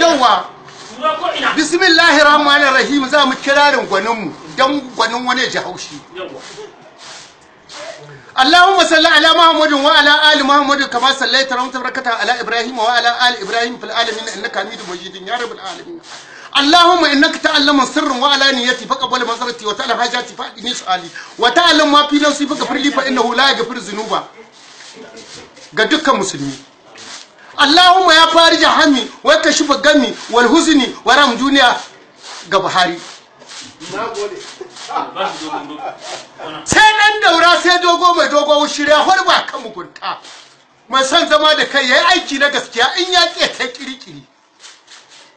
yawa bismillahi rahmanir rahim za mu kirarin gwaninmu don gwanin wani ji haushi Allahumma salli ala Muhammadin wa ala ali Muhammadin kama ala Ibrahim wa ala ali Ibrahim fil alamin ya rabbal alamin ga dukkan musulmi Allahumma ya fari jahami wai ka shifa gami wal huzni wa ram duniya ga Buhari sai dan daura sai dogo mai dogo shirya horba kan mugunta mai son zama da kai yayi aiki na gaskiya in ya ta kirkiri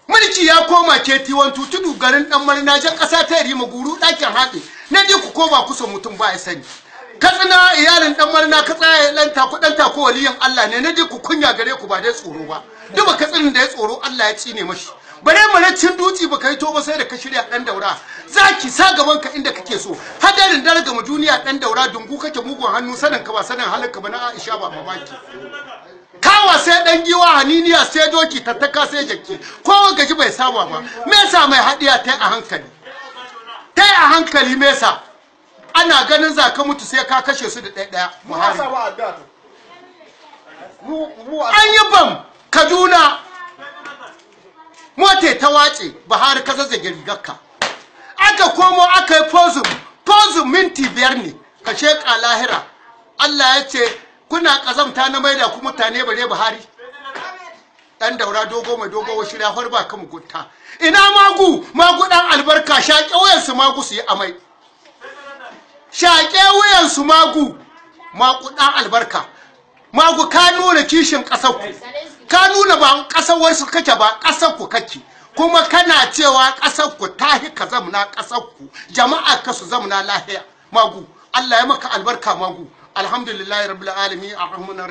mulki ya koma keti wantu tudu garin dan marina jan kasa ta rima maguru dakin haɗe na ku koma kusa mutum ba ya sani katsina iyalin dan marna ka tsaya dan taku dan taku waliyin Allah ne naji ku kunya gare ku ba dai tsoro ba duba katsinin da ya tsoro Allah ya tsine mashi bare cin duci baka yi toba sai da ka shirya dan daura zaki sa gaban ka inda kake so hadarin daraga mu duniya dan daura dungu kake mugun hannu sanin ka ba sanin halinka ba na Aisha ba babaki kawa sai dan giwa haniniya sai doki tattaka sai jakki kowa gaji bai saba ba me yasa mai hadiya tai a hankali tai a hankali me yasa ana ganin za ka mutu sai ka kashe su da ɗaya ɗaya an yi bam kaduna mota ta wace buhari ka zazzage rigarka aka komo aka yi pozum pozum minti biyar ne ka sheka lahira allah ya ce kuna ƙazamta na maida ku mutane bare buhari ɗan daura dogo mai dogo wa shirya har ba ka mugunta ina magu magu ɗan albarka sha ƙauyensu magu su yi amai shaƙe wuyansu magu magu ɗan albarka magu ka nuna kishin ƙasarku ka nuna ba ƙasarwarsu kake ba ƙasarku kake kuma kana cewa ƙasarku ta hi ka zamna ƙasarku jama'a ka su zamna lahiya magu Allah ya maka albarka magu alhamdulillahi rabbil alamin arrahmanir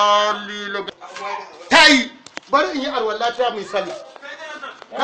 rahim bari in yi arwallata mai sallah